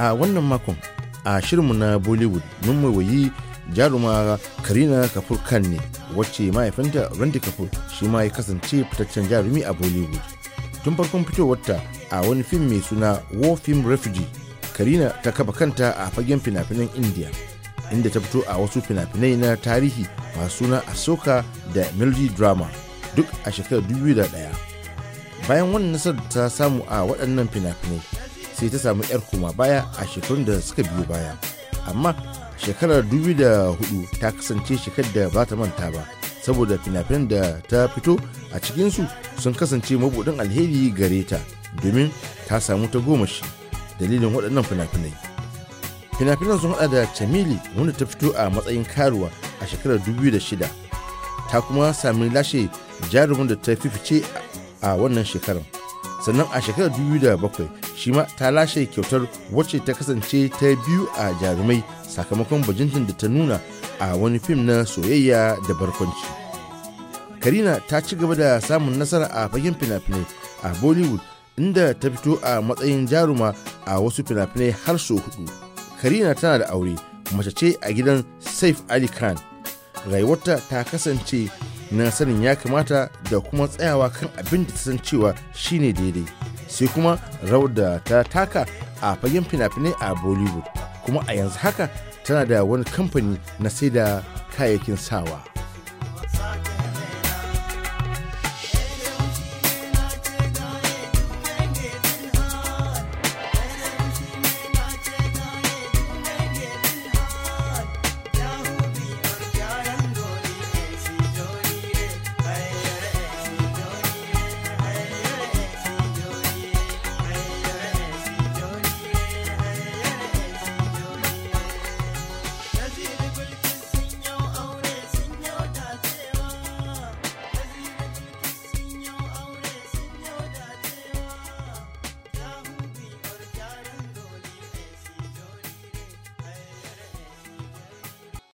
a wannan makon a shirinmu na bollywood mun mawayi jaruma karina kafur kan ne wacce mahaifinta randy kafur shi ma ya kasance fitaccen jarumi a bollywood tun farkon fitowarta a wani fim mai suna war film refugee karina ta kafa kanta a fagen fina-finan india inda ta fito a wasu fina-finai na tarihi masu suna asoka da melody drama duk a shekarar 2001 bayan wannan nasarar ta samu a waɗannan fina-finai sai ta samu 'yar koma baya a shekarun da suka biyo baya amma shekarar 2004 ta kasance shekar da ba ta manta ba saboda finafinan da ta fito a cikinsu sun kasance mabudin alheri gare ta domin ta samu ta goma shi dalilin waɗannan finafinai. finafinan sun hada da chamili wanda ta fito a matsayin karuwa a shekarar 2006 ta kuma sami lashe jarumin da ta fifice a wannan shekarar sannan a shekarar 2007 shi ma ta lashe kyautar wacce ta kasance ta biyu a jarumai sakamakon bajintin da ta nuna a wani fim na soyayya da barkwanci karina ta ci gaba da samun nasara a fagen fina-finai a bollywood inda ta fito a matsayin jaruma a wasu fina-finai har sau hudu karina tana da aure mace ce a gidan saif ali khan rayuwarta ta kasance na sanin ya kamata da kuma tsayawa kan abin da ta san cewa shine daidai sai kuma rawar da ta taka a fagen fina-finai a bollywood kuma a yanzu haka tana da wani kamfani na sai da kayayyakin sawa